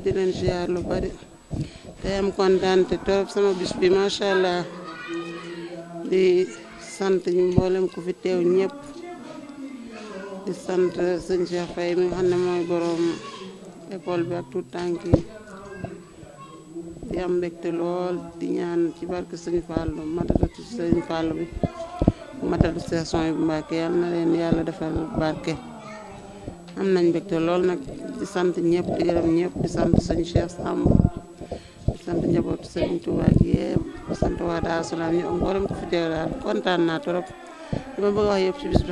di leen ziar lu bari te am kontaan te sama bis bi macha allah di sant ñu mboolem ku fi teew ñëpp di sant sëñ Cheikh Faye mi xam ne mooy borom école bi ak tout tànk yi di am mbégte lool di ñaan ci barke sëñ Fallou matatu sëñ Fallou bi matatu saison yi bu Mbàkke yal na leen yàlla defal barke. am nañ mbégte lool nag di sant ñëpp di gërëm ñëpp di sant sëñ Cheikh Samb di sant njabootu sëñ Touba gi yëpp di sant waa Daaru ñu am mboolem ku fi teew naa trop li ma bëgg a wax yëpp ci bis bi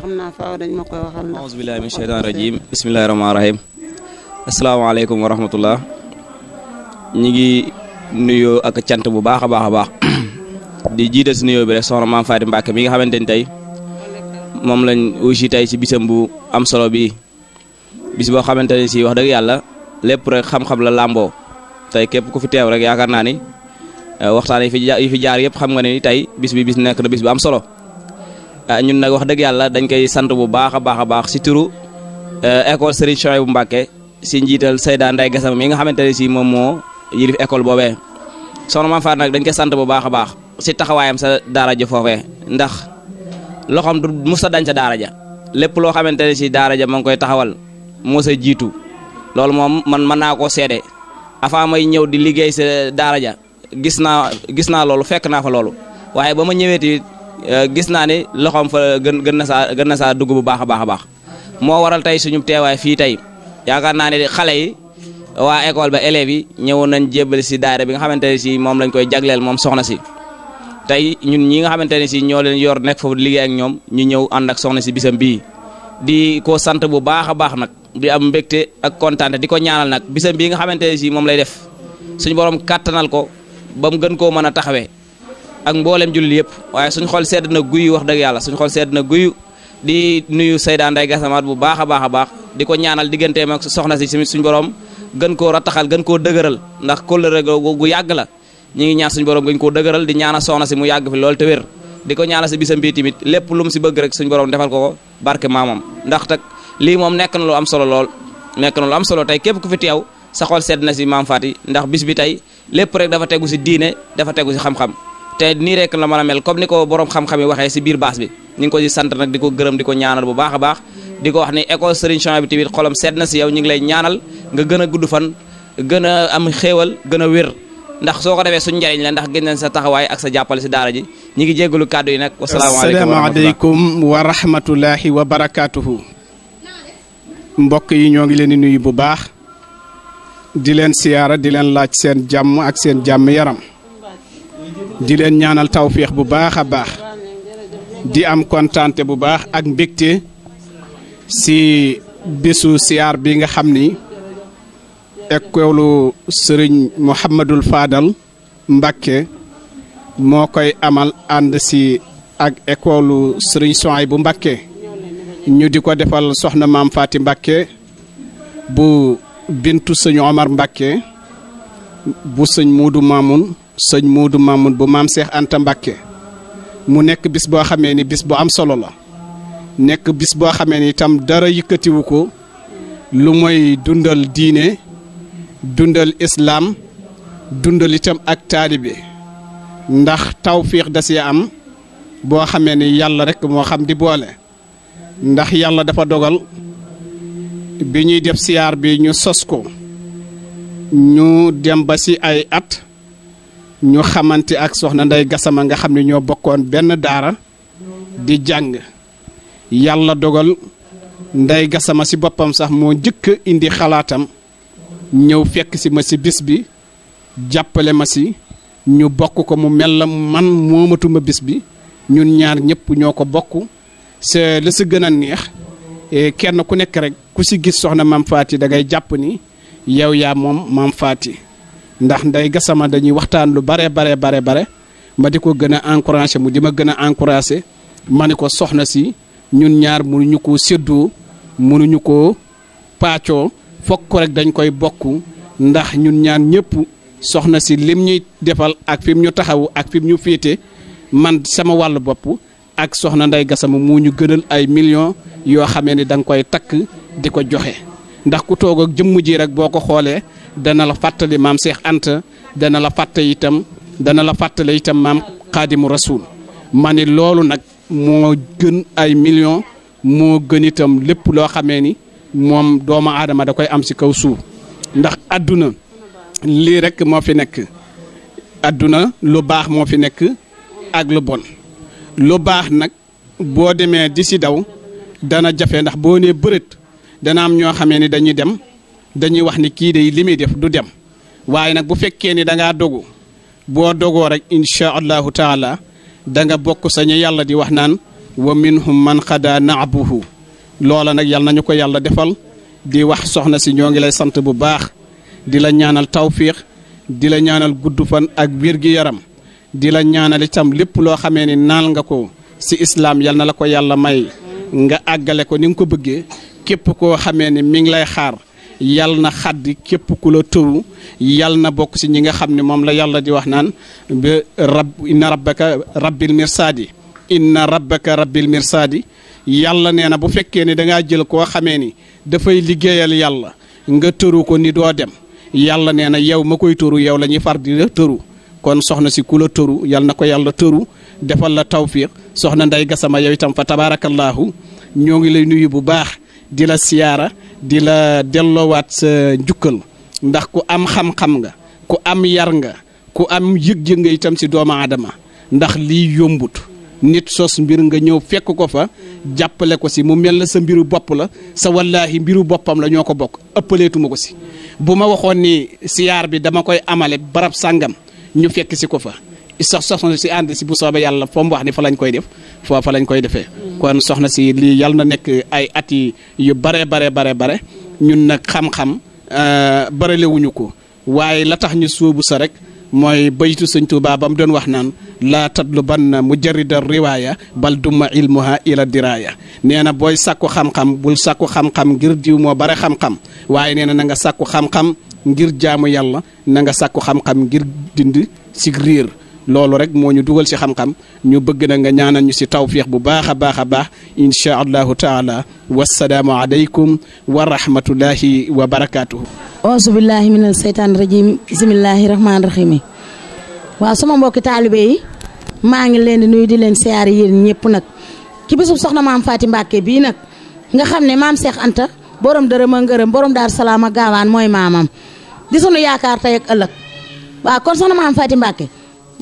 xam naa ñi ngi nuyoo ak cant bu baax a baax a baax di jiital si nuyoo bi rek soxna Maam Faati Mbàkke mi nga xamante ni tey moom lañ usi tey si bisam bu am solo bi bis boo xamante ne si wax dëgg yàlla lépp rek xam-xam la làmboo tay képp ku fi teew rek yaakaar naa ni eh, waxtaan yi fi yi fi jaar yëpp xam nga ne ni tey bis bi bis nekk na bis bu am solo eh, ñun nag wax dëgg yàlla dañ koy sant bu baax a baax a baax si turu eh, école Serigne Souhaïbou Mbacké si njiital Seyda Ndeye Gassama mi nga xamante ne si moom moo yilif école boobee soxna Mame Fatou nag dañ koy sant bu baax a baax si taxawaayam sa daara ja foofee ndax loxoom du mos a dañ sa daara ja lépp loo xamante mos jiitu loolu moom man mën naa koo seede avant may ñëw di liggéey sa daara ja gis naa gis naa loolu fekk naa fa loolu waaye ba ma ñëwee tamit euh, gis naa ni loxoom fa gën gën na saa gën na saa dugg bu baax a baax a baax moo waral tey suñu teewaay fii tey yaakaar naa ne xale yi waa école ba élèves yi ñëwoon nañ jébbal si daara bi nga xamante ne si moom lañ koy jagleel moom soxna si tey ñun ñi nga xamante ne si ñoo leen yor nekk foofu liggéey ak ñoom ñu ñëw ànd ak soxna si bisam bii di ko sant bu baax a baax nag. di am mbégte ak kontaante di ko ñaanal nag bisam bii nga xamante ne si moom lay def suñ borom kàttanal ko ba mu gën koo mën a taxawee ak mboolem jullit yëpp waaye suñ xol sedd na guyu wax dëgg yàlla suñ xol sedd na guyu di nuyu Seyda Ndeye gasamaat bu baax a baax a baax di ko ñaanal digganteem ak soxna si suñ borom gën koo rataxal gën koo dëgëral ndax kóllëre gu yàgg la ñu ngi ñaan suñ borom gën koo dëgëral di ñaanal soxna si mu yàgg fi loolu te wér di ko ñaanal si bisam bii lépp lu si bëgg rek suñu borom defal ko lii moom nekk na lu am solo lool nekk na lu am solo tey képp ku fi teew sa xol sedd na si maam Faty ndax bis bi tey lépp rek dafa tegu si diine dafa tegu si xam-xam te nii rek na mën a mel comme ni ko borom xam-xam yi waxee si biir baas bi ñu ngi ko si sant nag di ko gërëm di ko ñaanal bu baax a baax di ko wax ni école Serigne Cham bi tamit xolam sedd na si yow ñu ngi lay ñaanal nga gën a gudd fan gën a am xéewal gën a wér ndax soo ko defee suñu njëriñ la ndax gën sa taxawaay ak sa jàppale si daara ji ñu ngi jéggalu kàddu yi nag. wasalaamaaleykum wa rahmatulahi wa barakaatuhu. mbokk yi ñoo ngi leen di nuyu bu baax di leen siyaara di leen laaj seen jàmm ak seen jàmm yaram di leen ñaanal tawféex bu baax a baax di am kontaante bu baax ak mbégte si bésu siyaar bi nga xam ni ekkeelu sëriñ Mouhamadul Fadal Mbacke moo koy amal ànd si ak ekkeelu sëriñ Sohaybu bu Mbacke ñu di ko defal soxna maam Faati Mbàkke bu bintu sëñ Omar Mbàkke bu sëñ muudu Maamun sëñ muudu Maamun bu maam Seex Anta Mbàkke mu nekk bis boo xamee ni bis bu am solo la nekk bis boo xamee ni itam dara yëkkatiwu ko lu mooy dundal diine dundal islaam dundal itam ak taalibe ndax tawfiix da si am boo xamee ni yàlla rekk moo xam di boole ndax yàlla dafa dogal bi ñuy def siyaar bi ñu sos ko ñu dem ba ci ay at ñu xamante ak soxna Ndey Gasama nga xam ne ñoo bokkoon benn daara di jàng yàlla dogal Ndey Gasama ci boppam sax moo njëkk indi xalaatam ñëw fekk si ma si bis bi jàppale ma ci ñu bokk ko mu mel la man moomatuma bis bi ñun ñaar ñëpp ñoo ko bokk c'est la si gën a neex e kenn ku nekk rek ku si gis soxna maam Faty da ngay jàpp ni yow yaa moom maam Faty ndax nday gasama dañuy waxtaan lu bare bare bare bare ma di ko gën a encouragé mu di ma gën a encouragé ma ni ko soxna si ñun ñaar mënuñu ko séddoo mënuñu ko paccoo fokk rek dañ koy bokk ndax ñun ñaar ñëpp soxna si lim ñuy defal ak fi ñu taxawu ak fim ñu féete man sama wàllu bopp ak soxna Ndeye Gassama mu ñu gënal ay millions yoo xamee ni danga koy takk di ko joxe ndax ku toog ak jëmm ji rek boo ko xoolee dana la fàttali maam Cheikh Anta dana la fàttali itam dana la fàttali itam maam Xaadimu Rasuul ma loolu nag moo gën ay million moo gën itam lépp loo xamee ni moom doomu aadama da koy am si kaw suuf ndax àdduna lii rek moo fi nekk àdduna lu baax moo fi nekk ak lu bon. lu baax nag boo demee di si daw dana jafe ndax boo nee bërët dana am ñoo xamee ni dañuy dem dañuy wax ni kii day li muy def du dem waaye nag bu fekkee ni da dogu boo dogoo rek incha allahu taala da nga bokk sañu yàlla di wax naan wa minhum man xadaa naabuhu loola nag yàlla nañu ko yàlla defal di wax soxna si ñoo ngi lay sant bu baax di la ñaanal tawfiix di la ñaanal gudd fan ak wér gi yaram di la ñaanal tam lépp loo xamee ni naal nga ko si islaam yal na la ko yàlla may nga àggale ko ni nga ko bëggee képp koo xamee ni mi ngi lay xaar yal na xàdd képp ku la tëwu yal na bokk si ñi nga xam ne moom la yàlla di wax naan ba rab inna rabbaka rabbil mirsaadi inna rabbaka rabbil mirsaadi yàlla nee na bu fekkee ne dangaa jël koo xamee ni dafay liggéeyal yàlla nga tëru ko ni doo dem yàlla nee na yow ma koy tëru yow la ñuy far di tëru kon soxna si ku la tëru yal na ko yàlla tëru defal la tawfiq soxna Ndeye Gassama yow itam fa tabaarakallaahu ñoo ngi lay nuyu bu baax di la siyaara di la delloowaat sa njukkal ndax ku am xam-xam nga ku am yar nga ku am yëg-yëg nga itam si doomu aadama ndax lii yombut nit sos mbir nga ñëw fekk ko fa jàppale ko si mu mel na sa mbiru bopp la sa wallaahi mbiru boppam la ñoo ko bokk ëppaleetuma ko si bu ma waxoon ni siyaar bi dama koy amale barab sàngam ñu fekk si ko fa sax soxna si ànd si bu soobee yàlla foo mu wax ni fa lañ koy def foofa lañ koy defee kon soxna si lii yàlla na nekk ay at yi yu bare bare bare bare ñun nag xam-xam euh, baralewuñu ko waaye la tax ñu suubu sa rek mooy baytu sëñ Tuubaa ba mu doon wax naan laa tatlubanna mujarrida riwaaya bal duma ilmuha ila diraaya nee na booy sàkku xam-xam bul sàkku xam-xam ngir diw moo bare xam-xam waaye nee na sàkku xam-xam ngir jaamu yàlla na nga sàkku xam-xam ngir dindi si réer loolu rek moo ñu dugal si xam-xam ñu bëgg na nga ñaanal ñu si tawfiix bu baax a baax a baax incha allahu taala wasalaamu aleykum wa rahmatullahi wa barakaatuhu min seytaani rajim bisimillahi rahmaani rahim sama mbokki taalibe yi maa ngi leen di nuyu di leen siyaare yéen ñëpp nag ci bisub soxna maam Faati Mbàkke bii nag nga xam ne maam Cheikh Anta borom dërëm a ngërëm borom daar salaama gaawaan mooy maamam di sunu yaakaar tey ak ëllëg waaw kon soxna maam Faty Mbacke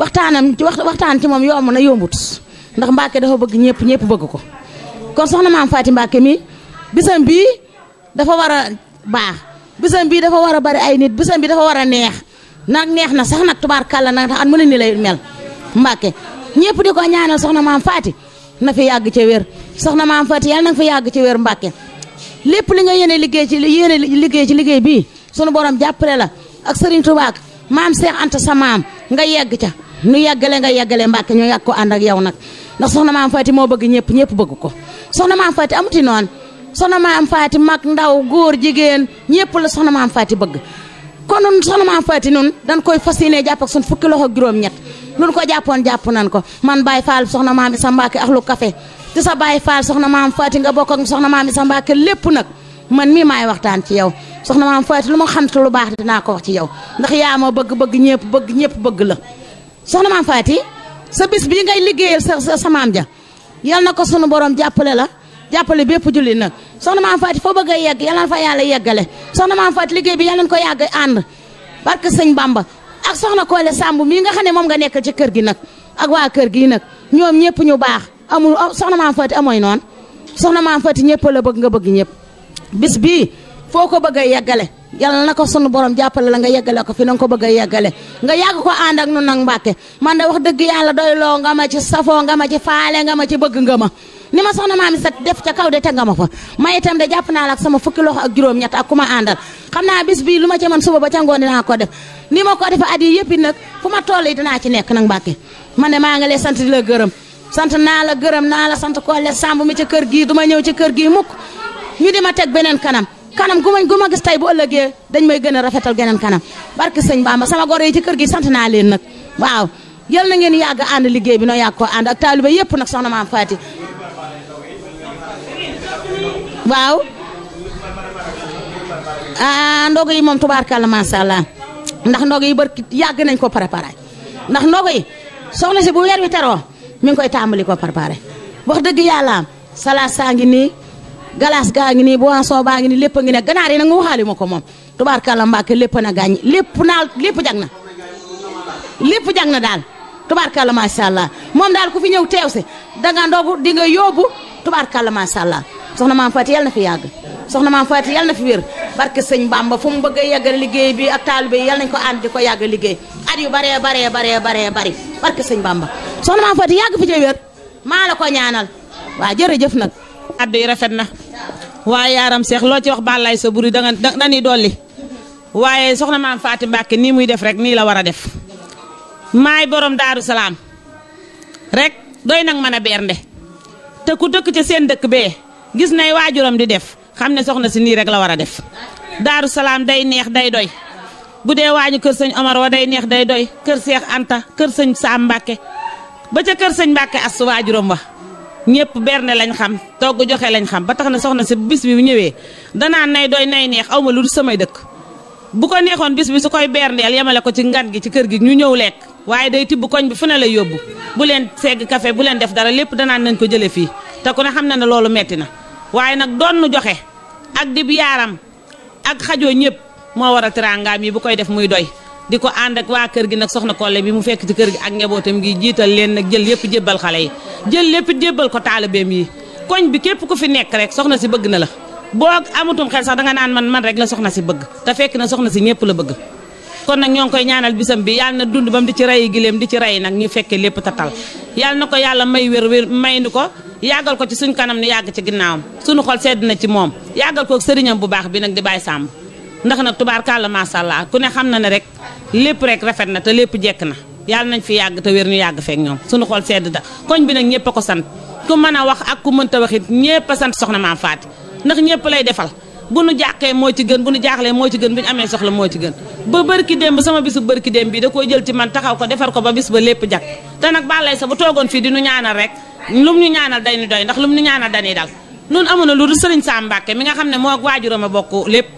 waxtaanam ci waxtaan ci moom yomb na yombut ndax Mbacke dafa bëgg ñëpp ñëpp bëgg ko kon soxna maam Faty Mbacke mi bisam bii dafa war a baax bisam bii dafa war a bari ay nit bisam bi dafa war a neex nag neex na sax nag kàlla nag tax at mu ne ni lay mel Mbacke ñëpp di ko ñaanal soxna maam Faty na fi yàgg ca wér soxna maam Faty yàlla nag fi yàgg ca wér Mbacke lépp li nga yéene liggéey ci yéene liggéey ci liggéey bii sunu borom jàppale la ak Serigne Touba ak maam Seex Anta sa maam nga yegg ca nu yeggale nga yeggale Mbàkke ñu yàgg ko ànd ak yow nag ndax soxna maam Faati moo bëgg ñëpp ñëpp bëgg ko soxna maam Faati amuti noonu soxna maam Faati mag ndaw góor jigéen ñëpp la soxna maam Faati bëgg kon nun soxna maam Faati nun dañ koy fas yéene jàpp ak sun fukki loxo ak juróom-ñett lu ko jàppoon jàpp nan ko man Baye Fall soxna maam sa Mbàkke ak lu kafe te sa Baye Fall soxna maam Faati nga bokk soxna maam Isa Mbàkke lépp nag man mii maay waxtaan ci yow soxna maam Faty lu ma xam te lu baax dinaa ko wax ci yow ndax yaa ma bëgg bëgg ñëpp bëgg ñëpp bëgg la soxna maam Faty sa bis bii ngay liggéeyal sa sa maam ja yal na ko sunu borom jàppale la jàppale bépp julli nag soxna maam Faty foo bëgg yegg yal fa yàlla yeggale soxna maam Faty liggéey bi yal nañu ko yàgg ànd barke sëñ Bamba ak soxna Koole Samb mii nga xam ne moom nga nekk ci kër gi nag ak waa kër gi nag ñoom ñëpp ñu baax amul soxna maam Faty amooy noonu soxna maam Faty ñëpp la bëgg nga bëgg ñëpp. bis bii foo ko bëgg a yeggale yàlla na ko sunu borom jàppale la nga yeggale ko fi na nga ko bëgg a yeggale nga yàgg ko ànd ak nun nag Mbàkke man de wax dëgg yàlla doy loo nga ma ci safoo nga ma ci faale nga ma ci bëgg nga ma ni ma soxna maam sa def ca kaw de te nga ma fa may itam de jàpp naa la sama fukki loxo ak juróom-ñett ak ku ma àndal xam naa bis bii lu ma ca man suba ba ca ngoon naa ko def ni ma ko defe at yi yëpp it nag fu ma toll yi dinaa ci nekk nag Mbàkke man de maa ngi lay sant di la gërëm sant naa la gërëm naa la sant Kole Samb mi ca kër gii du ñëw ca kër gii mukk ñu di ma teg beneen kanam kanam gu ma gu tey bu ëllëgee dañ may gën a rafetal geneen kanam barke sañ Bamba sama gor yi ci kër gi sant naa leen nag waaw yal na ngeen yàgg ànd liggéey bi noo yàgg koo ànd ak taaliba yëpp nag soxna maam Faati waaw ah ndog yi moom tubaarkàlla macha allah ndax ndog yi barki yàgg nañ ko préparé ndax ndog yi soxna si bu weer wi teroo mi ngi koy tàmbali ko préparé wax dëgg yàlla salaat saa nii galaas gaa ngi nii boisson baa ngi nii lépp a ngi ne ganaar yi nag nga waxaale ma ko moom tubaarkàlla Mbàkke lépp na gaañ lépp naal lépp jag na lépp jag na daal tubaarkàlla macha allah moom daal ku fi ñëw teew si danga ndogu di nga yóbbu tubaarkàlla macha allah soxna maam Faty yal na fi yàgg soxna maam Faty yal na fi wér barke sëñ Bamba fu mu bëgg a yàggal liggéey bi ak taalibe yi yal nañ ko ànd di ko yàgg liggéey at yu baree baree bare baree bari barke sëñ Bamba soxna maam Faty yàgg fi ca wér maa la ko ñaanal nag. addu rafet na. waaye yaaram seex loo ci wax bàllaay sa buri danga dañuy dolli waaye soxna maam Faati Mbàkke nii muy def rek nii la war a def maay borom daaru salaam rek doy nag mën a bernde te ku dëkk ca seen dëkk bee gis nay waajuram di def xam ne soxna si nii rek la war a def daaru salaam day neex day doy bu dee waañu kër sëñ Omar wa day neex day doy kër seex Anta kër sëñ Saam Mbàkke ba ca kër sëñ Mbàkke as waajuram wa ñëpp berne lañ xam togg joxe lañ xam ba tax na soxna si bis bi bu ñëwee danaan nay doy nay neex aw ma lu samay dëkk bu ko neexoon bis bi su koy berndeel yemale ko ci ngan gi ci kër gi ñu ñëw lekk waaye day tibb koñ bi fu ne la yóbbu bu leen segg kafe bu leen def dara lépp danaan nañ ko jële fii te ku ne xam na ne loolu metti na waaye nag doon joxe ak dib yaaram ak xajoo ñëpp moo war a teraangaam yi bu koy def muy doy di ko ànd ak waa kër gi nag soxna Kolle bi mu fekk ci kër gi ak njabootam gi jiital leen nag jël yëpp jébbal xale yi jël lépp jébbal ko taalibeem yi koñ bi képp ku fi nekk rek soxna si bëgg na la boo amatum xel sax danga naan man man rek la soxna si bëgg te fekk na soxna si ñëpp la bëgg kon nag ñoo ngi koy ñaanal bisam bi yàlla na dund bam di ci rayi giléem di ci rayi nag ñu fekkee lépp tatal yàlla na ko yàlla may wér wér may ni ko yàggal ko ci suñ kanam ni yàgg ci ginnaawam sunu xol sedd na ci moom yàggal ko sëriñam bu baax bi nag di bàyyi sàmm ndax nag tubaarkàlla maasàllaa ku ne xam na ne rek lépp rek rafet na te lépp jekk na yàlla nañ fi yàgg te wér ñu yàgg feek ñoom suñu xool sedd da koñ bi nag ñëpp ko sant ku mën a wax ak ku mënta wax it ñëpp a sant soxna maam faat ndax ñëpp lay defal bu nu jàqee moo ci gën bu nu jaaxlee moo ci gën bu ñu amee soxla moo ci gën ba bërki démb sama bisu bërki démb bi da koo jël ci man taxaw ko defar ko ba bis ba lépp jag te nag bàllay sa bu toogoon fii di nu ñaanal rek lum ñu ñaanal day nu doy ndax lum ñu ñaanal dañuy dal noonu amoon na lu dul sëriñ Sam Mbàkke mi nga xam ne moo waajuram a bokk lépp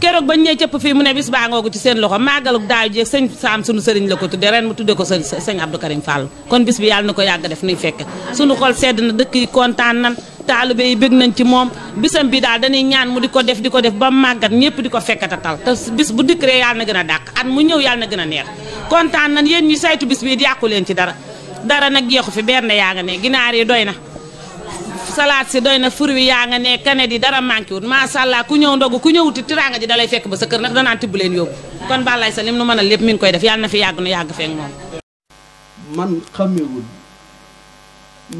keroog bañ ñee cëpp fii mu ne bis baa ngoogu ci seen loxo màggaluk daaw jeeg sëñ saam sunu sëriñ la ko tudde ren mu tudde ko sëñ sëñ Abdou Karim kon bis bi yàlla na ko yàgg def nuy fekke sunu xol na dëkk kontaan nan taalibe yi bëgg nañ ci moom bisam bi daal dañuy ñaan mu di ko def di ko def ba màggat ñëpp di ko fekkatatal te bis bu dikk rek yàlla na gën a dàq at mu ñëw yàlla na gën a neer kontaan nan yéen ñi saytu bis bi it leen ci dara dara nag jeexu fi benn yaa nga ne ginaar yi doy na salaat si doy na fur wi yaa nga ne kane di dara manqué wut macha allah ku ñëw ndogu ku ñëwuti tiraanga ji dalay fekk ba sa kër nag danaan tibb leen yóbbu kon Balaye sa lim nu mën a lépp mi ngi koy def yàlla na fi yàgg nu yàgg feek moom. man xamewul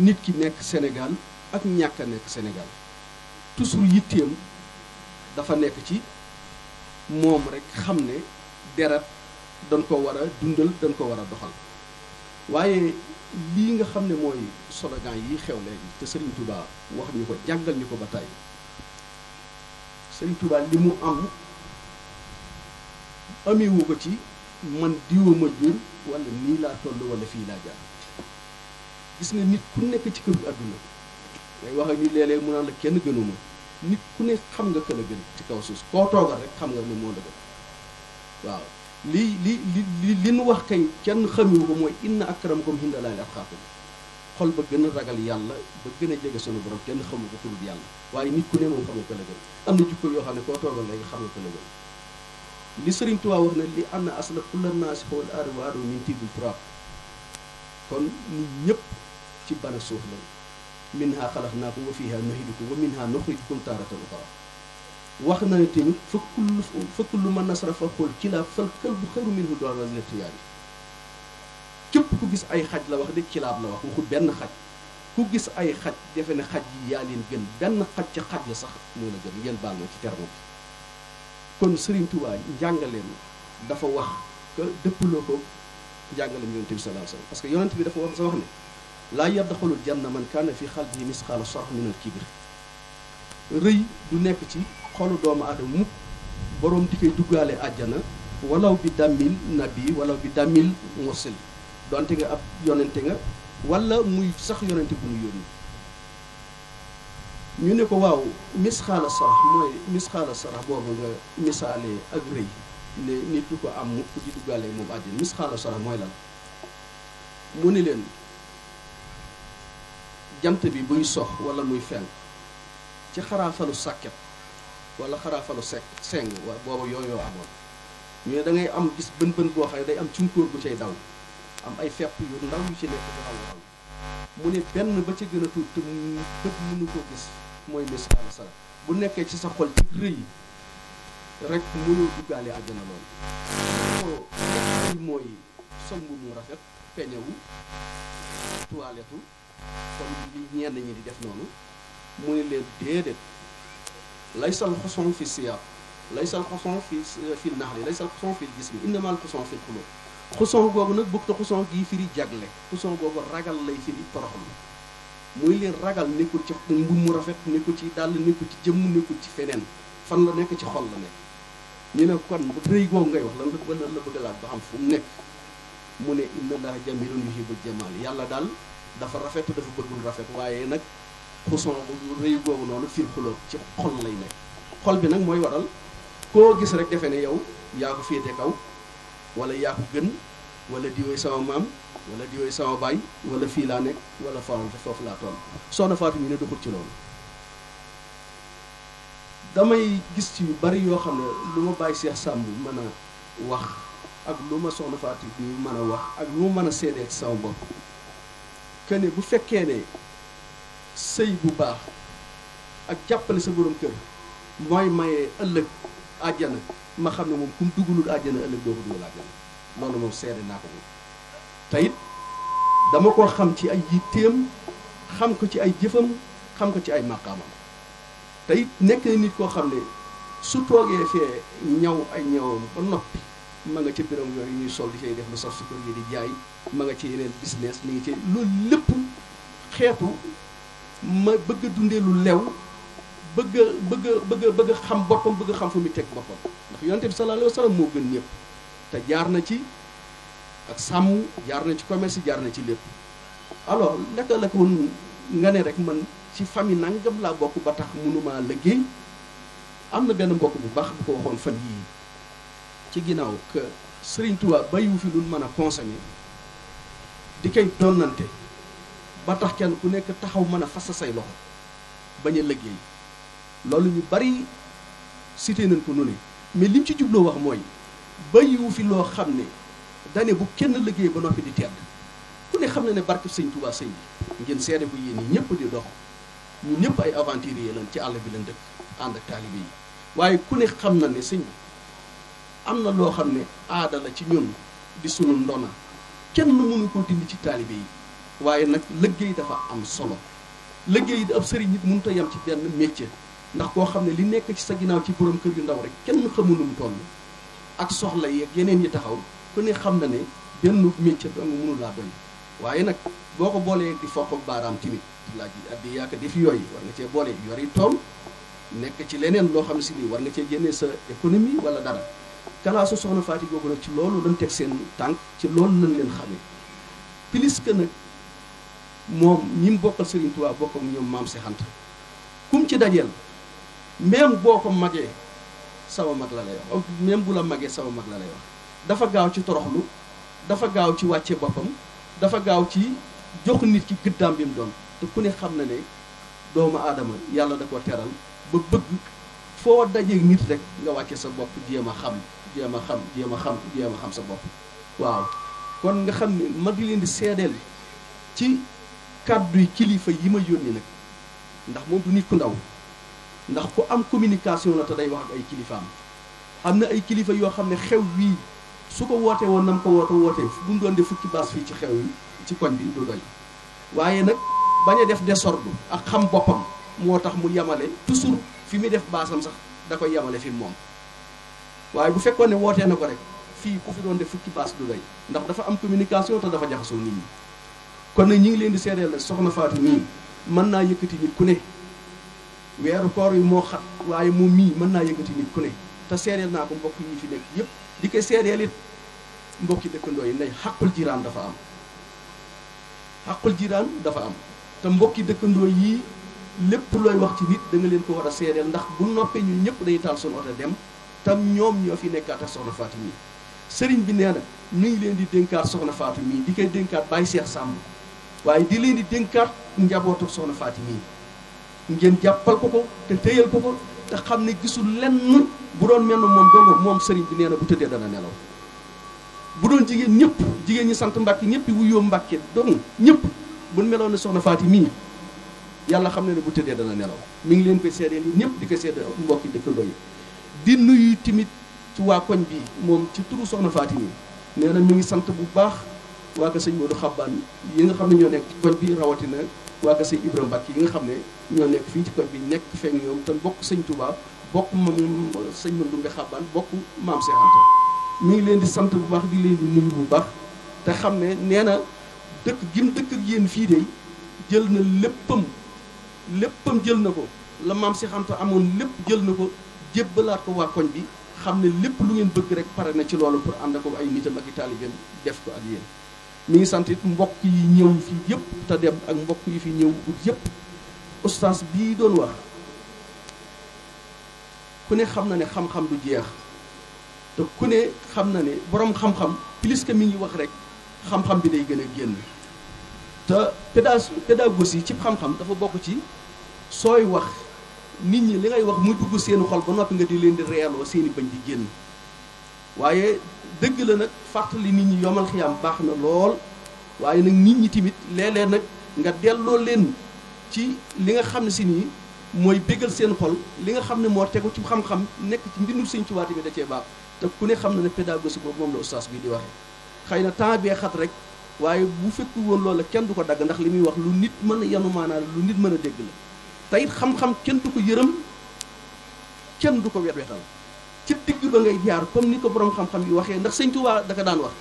nit ki nekk Sénégal ak ñàkk a nekk Sénégal toujours yitteem dafa nekk ci moom rek xam ne deret dañ ko war a dundal dañ ko war a doxal lii nga xam ne mooy slogan yi xew léegi te Serigne Touba wax ñu ko jàngal ñu ko ba tey Serigne Touba li mu am amewu ko ci man diwuma jur walla nii laa toll wala fii laa jaar gis nga nit ku nekk ci këru àdduna day wax ak nit léeg-léeg mu naan la kenn gënuma nit ku ne xam nga kër a gën ci kaw suuf koo toogal rek xam nga ne moo la gën waaw li li li li nu wax kañ kenn xamewu ko mooy inna akramakum hindallaahi atqaakum xol ba gën a ragal yàlla ba gën a jege sunu borom kenn xamu ko ku dul yàlla waaye nit ku ne moom xamu ko am na jikko yoo xam ne koo toogal lay xamu ko li Sëriñ Tuubaa wax na li am na asla kulla naasi xool aar wa aaro min tiibul turaab kon nit ñëpp ci bana suuf lañ minhaa xalaqnaakum wa fiihaa nu'iidukum wa minhaa nuxrijukum taaratan uxraa wax na ne tamit fa kullu fa kullu man nasrafa ci la fal kël bu xëru minhu doon al-ixtiyaar yi képp ku gis ay xaj la wax de cilaab la wax waxul benn xaj ku gis ay xaj defe ne xaj yi yaa leen gën benn xaj ca xaj ya sax moo la gën ngeen baal ma ci terme bi kon Serigne Touba njàngaleem dafa wax dëpp loo ko njàngaleem yonent bi sallallahu alayhi wasallam parce que yonent bi dafa wax sa wax ne laa yadxulul na man kaana fi xalbihi misqaala sarratin minal kibr rëy du nekk ci xolu doomu aadama mukk borom di koy duggaale àjjana walaw bi dàmmil nabi walaw bi dàmmil mursil donte nga ab yonente nga wala muy sax yonente bu ñu yónni ñu ne ko waaw misxaala sarax mooy misxaala boobu nga misaale ak du ko am mukk di duggaale moom àjjana mu ni leen jant bi buy sox wala muy fenk ci xaraafalu sàkket wala xaraafalu sek seng booba yooyoo amoon ñu ne da ngay am gis bën-bën boo xam day am cunkóor bu cay dal am ay fepp yu ndaw yu ci nekk di xaw xaw mu ne benn ba ci gën a tuut te bët mënu ko gis mooy miskaalu sara bu nekkee ci sa xol ci rëy rek mënoo duggaale àjjana loolu rafet peñewu tuwaaletu comme li ñenn ñi di def noonu mu ne leen déedéet laysa al xusnu fi siyaaq laysa al xusnu fi fi naxri laysa al xusnu fi jismi innama al xusnu fi xulub xusnu googu nag bokk te xusnu gii firi jagle xusnu googu ragal lay firi toroxam muy leen ragal nekkul ci mbub mu rafet nekkul ci dàll nekkul ci jëmm nekkul ci feneen fan la nekk ci xol la nekk ñu ne kon bu rëy googu ngay wax lan la lan la bëgg laaj ba xam fu mu nekk mu ne inna allaha jamilun yuhibbul jamal yàlla daal dafa rafet dafa bëggul rafet waaye nag pousson bu rëy boobu noonu firkuloo ci xol lay nekk xol bi nag mooy waral koo gis rek defe ne yow yaa ko féete kaw wala yaa ko gën wala diwee sama maam wala diwee sama baay wala fii laa nekk wala fawante foofu laa toll soxna Fatou ñu ne duxul ci loolu damay gis ci bari yoo xam ne lu ma bàyyi Seex Sàmb mën a wax ak lu ma soxna Fatou bi mën a wax ak lu ma mën a seedee ci sama bopp que bu fekkee ne sëy bu baax ak jàppale sa borom kër mooy mayee ëllëg àjjana ma xam ne moom ku mu àjjana ëllëg doo ko dugal àjjana loolu moom seede naa ko moom te dama ko xam ci ay yitteem xam ko ci ay jëfam xam ko ci ay maqaamam te nekk nit koo xam ne su toogee fee ñaw ay ñawam ba noppi ma nga ca biram yooyu ñuy sol di cay def lu saf su kër gi di jaay ma nga ci yeneen business mi ngi ci loolu lépp xeetu ma bëgg a dundee lu lew bëgg bëgg bëgg xam boppam bëgg xam fu mu teg boppam ndax yonent bi sallallahu alayhi wa moo gën ñëpp te jaar na ci ak sàmm jaar na ci commerce jaar na ci lépp alors naka la ko nga ne rek mën ci famille nangam laa bokk ba tax mënumaa liggéey am na benn mbokk bu baax bu ko waxoon fan yii ci ginnaaw que Serigne Touba bayu lu mën a consommer di koy donnante ba tax kenn ku nekk taxaw mën a fas say loxo bañ liggéey loolu ñu bari cité nañ ko noonu mais lim ci jubloo wax mooy bàyyiwu fi loo xam ne dane bu kenn liggéey ba noppi di teer ku ne xam na ne barke sëñ Touba sëñ bi ngeen seede bu yéen ñi ñëpp di dox ñu ñëpp ay aventurier lañ ci àll bi lañ dëkk ànd ak taalibe yi waaye ku ne xam na ne sëñ bi am na loo xam ne aada la ci ñun di sunu ndona kenn mënu ko dindi ci taalibe yi. waaye nag liggéey dafa am solo liggéey ab sëriñ it mënut a ci benn métier ndax koo xam ne li nekk ci sa ginnaaw ci borom kër yu ndaw rek kenn xamul nu mu ak soxla yeeg yeneen yi taxaw ku ne xam na ne benn métier dong mënu laa waaye nag boo ko boolee di foq ak baaraam timit laaj bi addi yaaka def yooyu war nga cee boole yori tool nekk ci leneen loo xam si nii war nga cee génnee sa économie wala dara kalaasu soxna Faati googu nag ci loolu lañ teg seen tànk ci loolu lañ leen xamee plus que nag. moom ñi mu bokkal Serigne Touba bokk ak ñoom maam Cheikh Anta kum ci dajeel même boo ko magee sama mag la lay wax même bu la magee sama mag la lay wax dafa gaaw ci toroxlu dafa gaaw ci wàcce boppam dafa gaaw ci jox nit ki gëddaam bi mu doon te ku ne xam na ne doomu aadama yàlla da ko teral ba bëgg foo dajeeg nit rek nga wàcce sa bopp jéem a xam jéem a xam jéem a xam jéem a xam sa bopp waaw kon nga xam ne mag leen di seedeel ci kàdduy kilifa yi ma yónni nag ndax moom du nit ku ndaw ndax ku am communication la te day wax ak ay kilifaam am na ay kilifa yoo xam ne xew wii su ko wootee woon nam ko woote wootee fu mu doon fukki baas fii ci xew yi ci koñ bi du doy waaye nag bañ a def désordre ak xam boppam moo tax mu yemale toujours fi muy def baasam sax da koy yemale fi moom waaye bu fekkoon ne wootee na ko rek fii ku fi doon de fukki baas du doy ndax dafa am communication te dafa jaxasoo nit ñi kon nag ñi ngi leen di seedeel soxna Fatou mii mën naa yëkkati nit ku ne weeru koor yi moo xat waaye moom mii mën naa yëkkati nit ku ne te seereel naa ko mbokk yi fi nekk yëpp di ko seedeel it mbokki dëkkandoo yi nday xaqul jiraan dafa am xaqul jiraan dafa am te mbokki dëkkandoo yii lépp looy wax ci nit da leen ko war a seedeel ndax bu noppee ñun ñëpp dañuy taal suñu oto dem tam ñoom ñoo fi nekkaat ak soxna Fatou mii sëriñ bi nee na mi ngi leen di dénkaat soxna Fatou mii di koy dénkaat bàyyi seex sàmm waaye di leen di dénkaat njabootu soxna Faati mii ngeen jàppal ko ko te téyal ko ko te xam ne gisul lenn bu doon mel moom dong moom sëriñ bi nee na bu tëddee dana nelaw bu doon jigéen ñëpp jigéen ñi sant Mbàkke ñëpp wuyoo Mbàkke dong ñëpp bu meloon ne soxna Faati mii yàlla xam ne ne bu tëddee dana nelaw mi ngi leen koy seedeel yi ñëpp di ko seedeel mbokki dëkkandoo yi di nuyu timit ci waa koñ bi moom ci turu soxna Faati mii nee mu ngi sant bu baax waa ka sëñ Modou Xabbaan yi nga xam ne ñoo nekk ci koñ bi rawatina waa ka sëñ Ibrahima Mbacke yi nga xam ne ñoo nekk fii ci koñ bi nekk feek ñoom te bokk sëñ Touba bokk moom sëñ Modou Ndumbe Xabbaan bokk maam Cheikh Anta mi ngi leen di sant bu baax di leen di bu baax te xam ne nee na dëkk gim ak yéen fii de jël na léppam léppam jël na ko la maam Anta amoon lépp jël na ko jébbalaat ko waa koñ bi xam ne lépp lu ngeen bëgg rek pare na ci loolu pour ànd ko ay nitam ak i taalibeem def ko ak yéen mi ngi sant it mbokk yi ñëw fii yëpp te dem ak mbokk yi fi ñëw ut yëpp ustaas bii doon wax ku ne xam na ne xam-xam du jeex te ku ne xam na ne boroom xam-xam plus que mi ngi wax rek xam-xam bi day gën a génn te pédag yi ci xam-xam dafa bokk ci sooy wax nit ñi li ngay wax mu dugg seen xol ba noppi nga di leen di reeloo seeni bañ di génn waaye dëgg la nag fàttali nit ñi yomal xiyam baax na lool waaye nag nit ñi tamit léeg nag nga delloo leen ci li nga xam ne si nii mooy bégal seen xol li nga xam ne moo tegu ci xam-xam nekk ci mbindum Sëñ Tuubaa bi da cee baax te ku ne xam na ne pédagogie boobu moom la ustaas bii di waxee xëy na temps bee xat rek waaye bu fekku woon loolu kenn du ko dagg ndax li muy wax lu nit mën a yanu maanaa lu nit mën a dégg la te xam-xam kenn du ko yërëm kenn du ko wet ca digg ba ngay jaar comme ni ko borom xam-xam yi waxee ndax sëñ Tuubaa da daan wax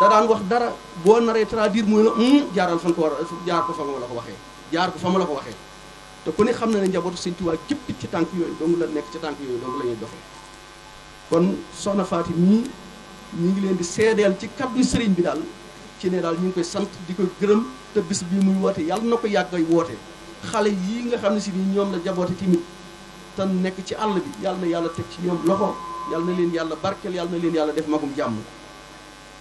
da daan wax dara boo naree traduire muy la hmm, jaaral fan ko war jaar ko fa ma la ko waxee jaar ko fa ma la ko waxee te ku ne xam na ne njabootu sëñ Tuubaa gépp ci tànk yooyu dong la nekk ci tànk yooyu dong la ñuy doxee kon soxna Faati ñii ñu ngi leen di seedeel ci kàddu sëriñ bi daal ci ne daal ñu ngi koy sant di ko gërëm te bis bii muy woote yàlla na ko yàgg ay woote xale yii nga xam ne si nii ñoom la jaboote tamit tan nekk ci àll bi yàlla na yàlla teg ci ñoom loxo yàlla na leen yàlla barkeel yàlla na leen yàlla def magum jàmm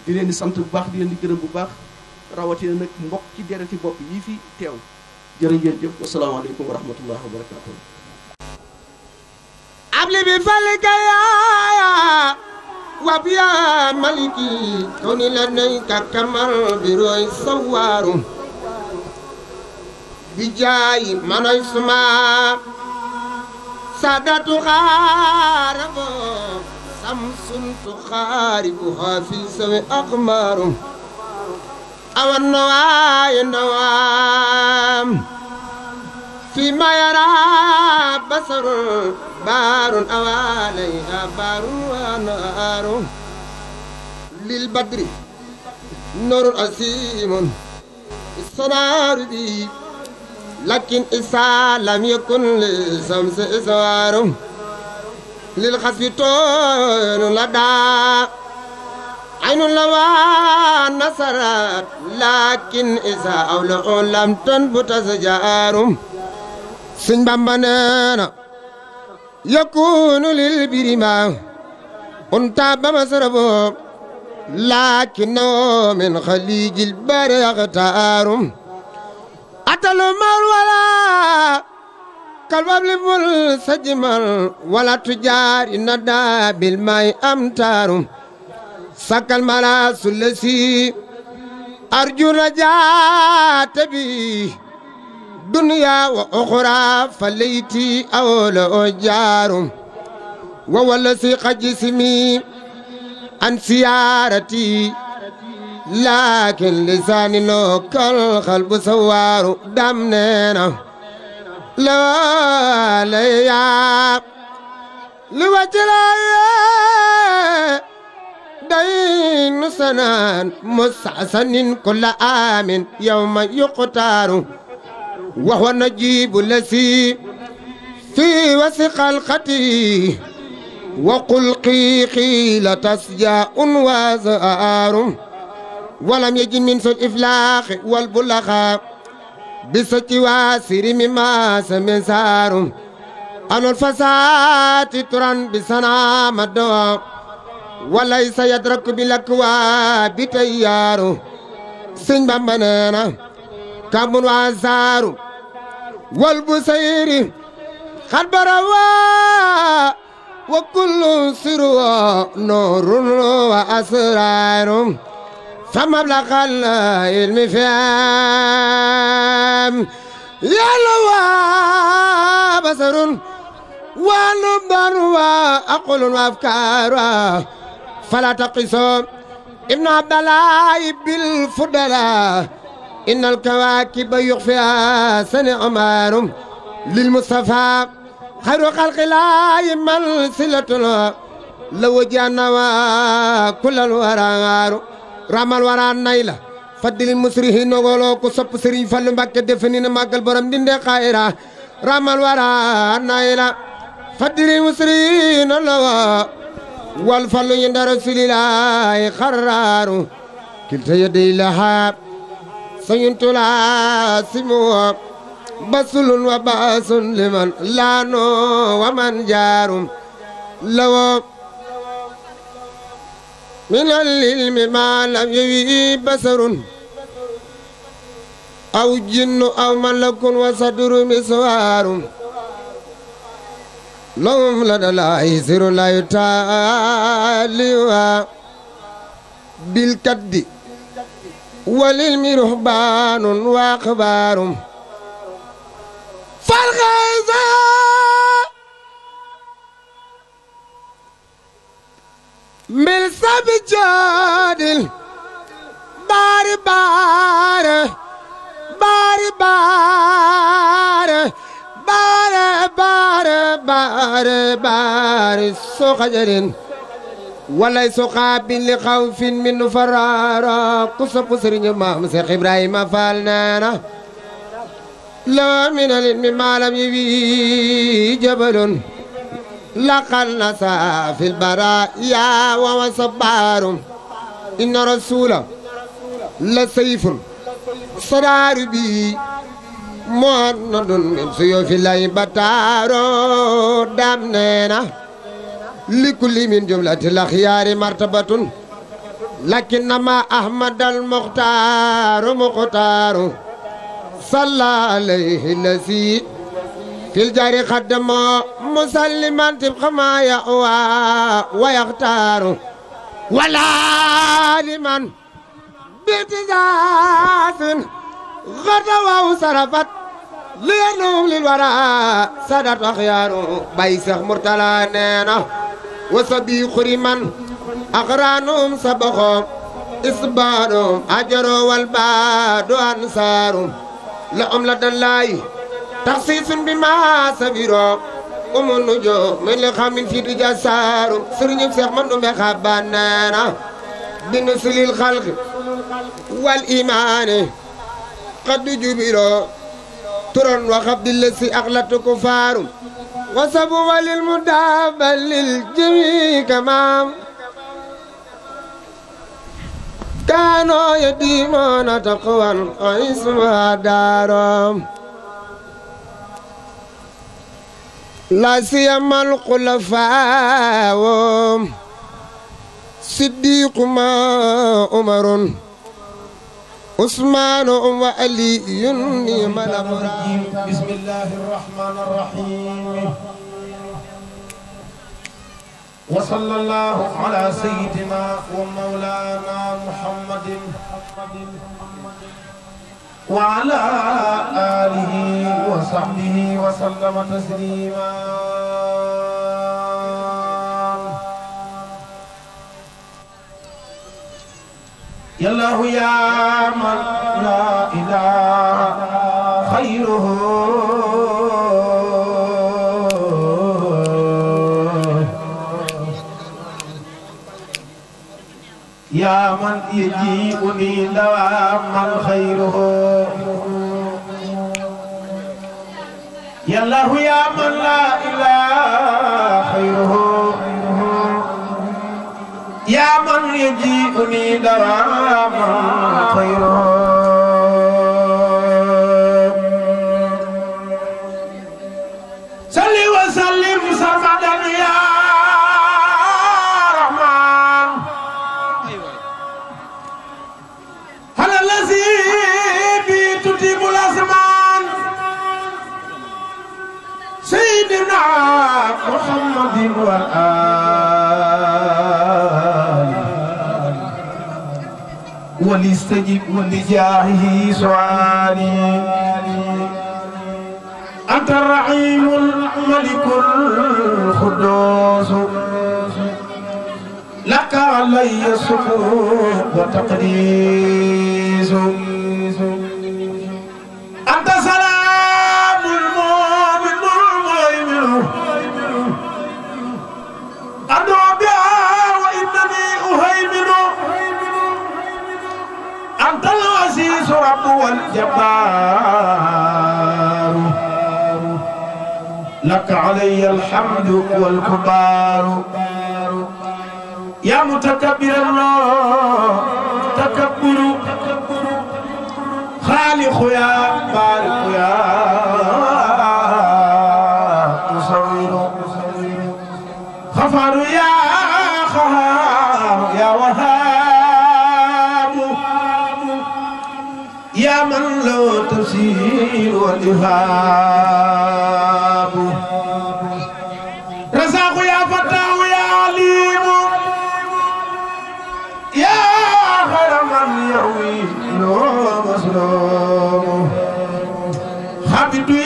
di leen di sant bu baax di leen di gërëm bu baax rawatina nag mbokk ci bopp yii fi teew jërë ngeen jëf wasalaamaaleykum wa yaa wab yaa maliki la nayka kamal bi roy sawaaru bi jaay manay suma سادة تخارب سمس تخاربها في السوء أقمار أو النوايا النوام فيما يرى بصر بار أو عليها بار ونار للبدر نور أسيم الصنار بي لكن إسا لم يكن للشمس إسوار للخسف تون لدى عين لوى نصرت لكن إسا أولع لم تنبت سجار سن بمبنان يكون للبرما انت بمسربو لكنه من خليج البر يغتارم أتل مر ولا كالبابل مر سجمل ولا تجار الندى بالماء أمتار سكى المراس الذي أرجو رجاء تبي دنيا وأخرى فليتي أول أجار وولسي قد جسمي عن سيارتي laakin lisaani nokkal xalbu sawaaru dam neena lawaleyaa li wajilaayee daynu sanaan musasanin kulla aamin yawma yuqtaaru wa huwa najibu lasi fi wasiqal xati wa qul la tasjaa un waazaarum ولم يجن من سوء إفلاخ والبلخاء بسكي واسري مما سمن سارم أن الفساد تران بسنا مدوا وليس يدرك بالأكوا بتيار سن بمبنانا كم وازار والبصير قد بروا وكل سروا نور وأسرار فمبلغ العلم فهم يا لوا بصر ونبر وأقل وأفكار فلا تقسوا ابن عبد الله بالفضلاء إن الكواكب يخفيها سنة عمر للمصطفى خير خلق الله من سلة لو جانا كل الورى ramal wara nayla faddilil musrihi nogolo ko sopp Serigne Fallou Mbacké defeni na màggal borom dinde xayra ramal wara nayla faddilil musrihi nolawa wal fallu yinda rasulillahi xarraru kilta yedey lahab sayuntula simo basulun wa basun liman laano wa man jarum lawo من العلم ما لم يوي بصر أو جن أو ملك وصدر مسوار لهم لدى الله سر لا يتالي بالكد وللمرهبان وأخبارهم بالصب جادل بار بار بار بار بار بار بار بار سخجر ولا سقاب لخوف من فرارا قص قصر مام شيخ ابراهيم فالنا لا من العلم ما لم يبي جبل لقد نسى في البرايا وهو صبار إن رسوله لسيف صرار به مهند من سيوف الله بتار دمنا لكل من جملة الأخيار مرتبة لكنما أحمد المختار مختار صلى عليه الذي في الجار خدمه مسلما تبقى ما يأوى ويختار ولا لمن باتزاز غدا وصرفت لأنهم للوراء سادة خيار بيسخ مرتلى نانا وصبي خريما أقرانهم سبخهم إصبارهم أجروا والباد أنصارهم لأملة الله تخصيص بما سبيرهم umu nuju min xamin fi du jasaaru sëriñu seex man du mexa banana bi xalq wal imaane qad jubiro turon wa xabdilla si axlatu kufaaru wa sabu walil mudaaba lil jami kamaam kaanoo yadiimoona taqwan wa ismuha daaroom لا سيما الخلفاء صديق ما عمر عثمان وعلي نعم الأمر بسم الله الرحمن الرحيم وصلى الله على سيدنا ومولانا محمد وعلى آله وصحبه وسلم تسليما يا الله يا من لا إله خيره من يجيئني دواما خيره يا الله يا من لا إله خيره يا من يجيئني دواما خيره والآل وليستجب لجاهه سعاني أنت الرحيم الملك القدوس لك علي السكوت والتقديس العزيز رب والجبار لك علي الحمد والكبار يا متكبر الله تكبر خالق يا بارك يا الخيل والإهاب رزاق يا فتاه يا عليم يا خير من يروي لو مسلوم حبيبي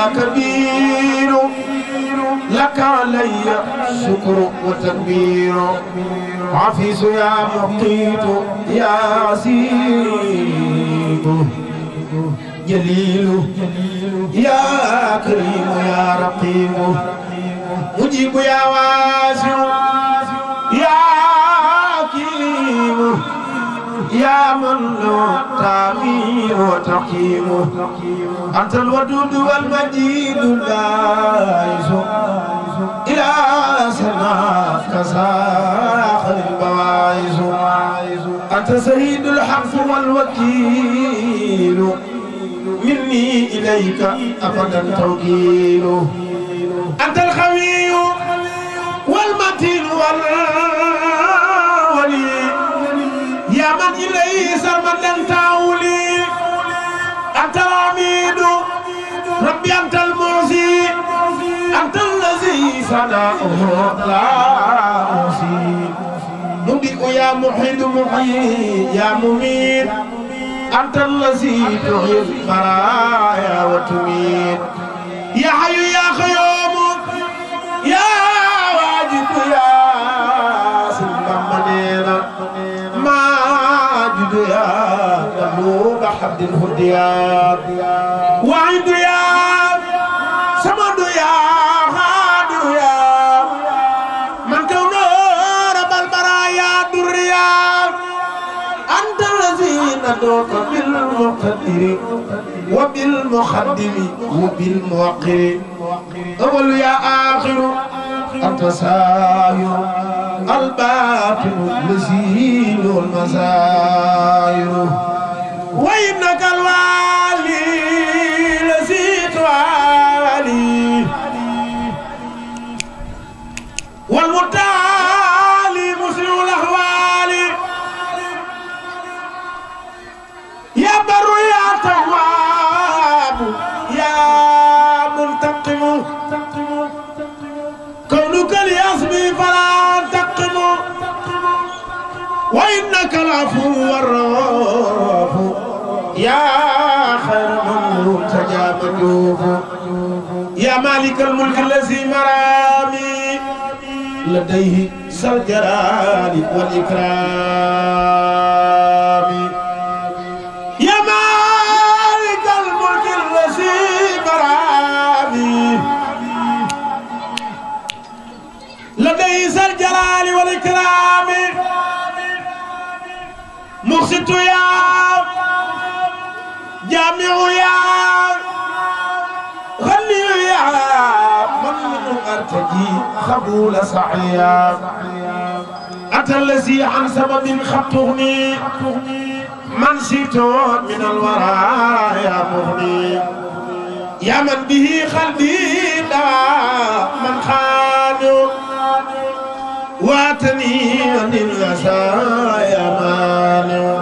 يا كبير لك علي شكر وتكبير عفيس يا مقيت يا عزيز جليل يا كريم يا رقيب مجيب يا واسع يا من له تعمير وتقييمه أنت الودود والمجيد البائس إلى سناك ساخر البواعث أنت سيد الحق والوكيل مني إليك أبدا توكيل أنت الخوي والمتين والرحيم فناؤه ضاع فيه نبئ يا محيد محيي يا مميت أنت الذي تحيي الخرايا وتميت يا حي يا خيوم يا واجد يا سلطان ماجد يا قلوب حد الهديات وعند يا بالمقدر وبالمقدم وبالموقر أول يا آخر أنت سائر الباطن لزين المزاير وإنك الواحد تقم كونك ليصبي فلا تقم وإنك العفو الرؤوف يا خير من تجاب يا مالك الملك الذي مرامي لديه سرجران والإكرام muqsitu yaa jaamiu yaa xaliyu yaa mamnu artaji xabula saxiya ata allazi an sababin xatuxni man sito min alwara yaa muxni yaa man bihi xalbi dawa man xaanu واتني عن العزايا مانع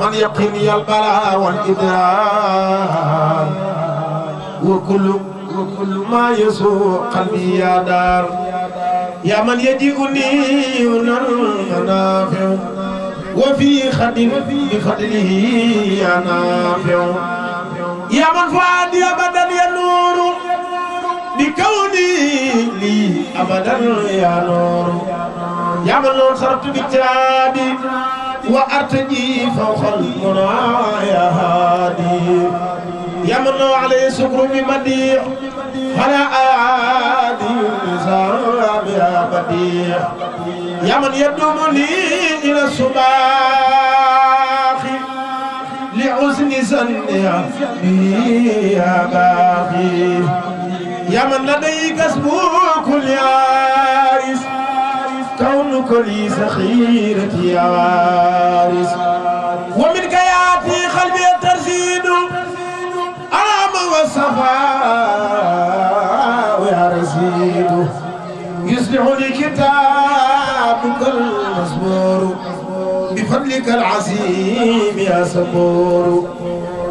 من يقيني البلاء والإدرار وكل وكل ما يسوء قلبي يا دار يا من يجيئني نور نافع وفي خدم بفضله يا نافع يا من فادي أبدا يا نور بكوني لي أبدا يا نور يا من نور صرت بتابي وأرتجي فوق المنى يا هادي يا من عليه سكر بمديح فلا آدي النظام يا بديع يا من يدوم لي إلى الصباح لحسن سنيا به يا باقي يا من لديك اسمه كل عارس كونك لي سخيرتي يا وارث ومنك ياتي قلبي الترشيد ألام والصفاء يا رشيد يصلح لكتابك المسمور بفضلك العظيم يا صبور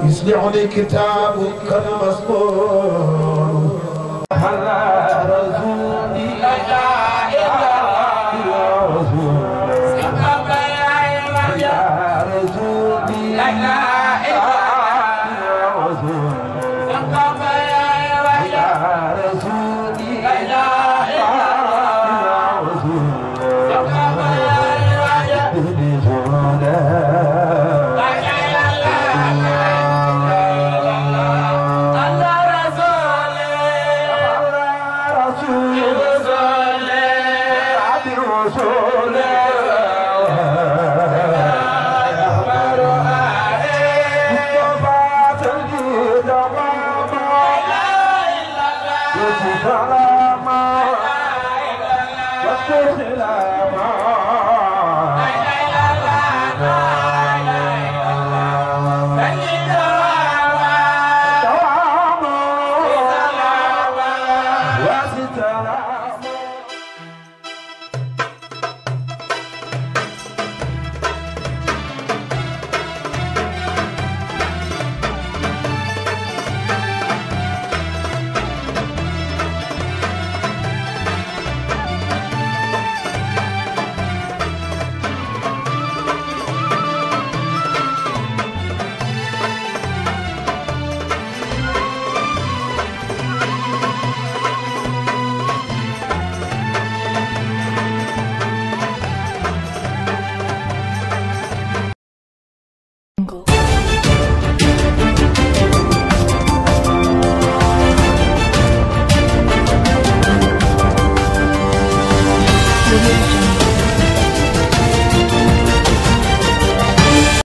يصلح لكتابك المسمور هلا رسول